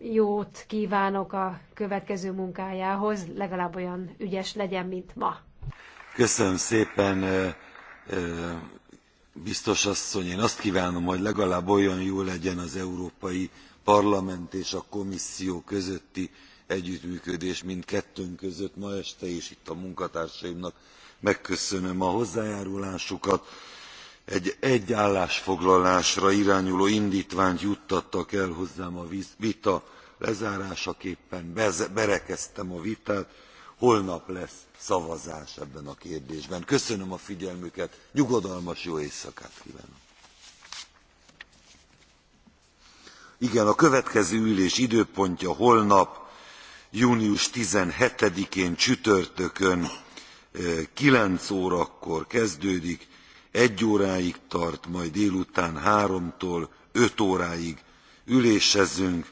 jót kívánok a következő munkájához, legalább olyan ügyes legyen, mint ma. Köszönöm szépen, biztos asszony. Én azt kívánom, hogy legalább olyan jó legyen az Európai Parlament és a Komisszió közötti együttműködés mint kettőnk között ma este, és itt a munkatársaimnak megköszönöm a hozzájárulásukat egy egy állásfoglalásra irányuló indtványt juttattak el hozzám a vita lezárásaképpen berekeztem a vitát holnap lesz szavazás ebben a kérdésben. köszönöm a figyelmüket nyugodalmas jó éjszakát kvánok! igen a következő ülés időpontja holnap június seventeen én csütörtökön eh, nine órakor kezdődik egy óráig tart majd délután háromtól öt óráig ülésezünk.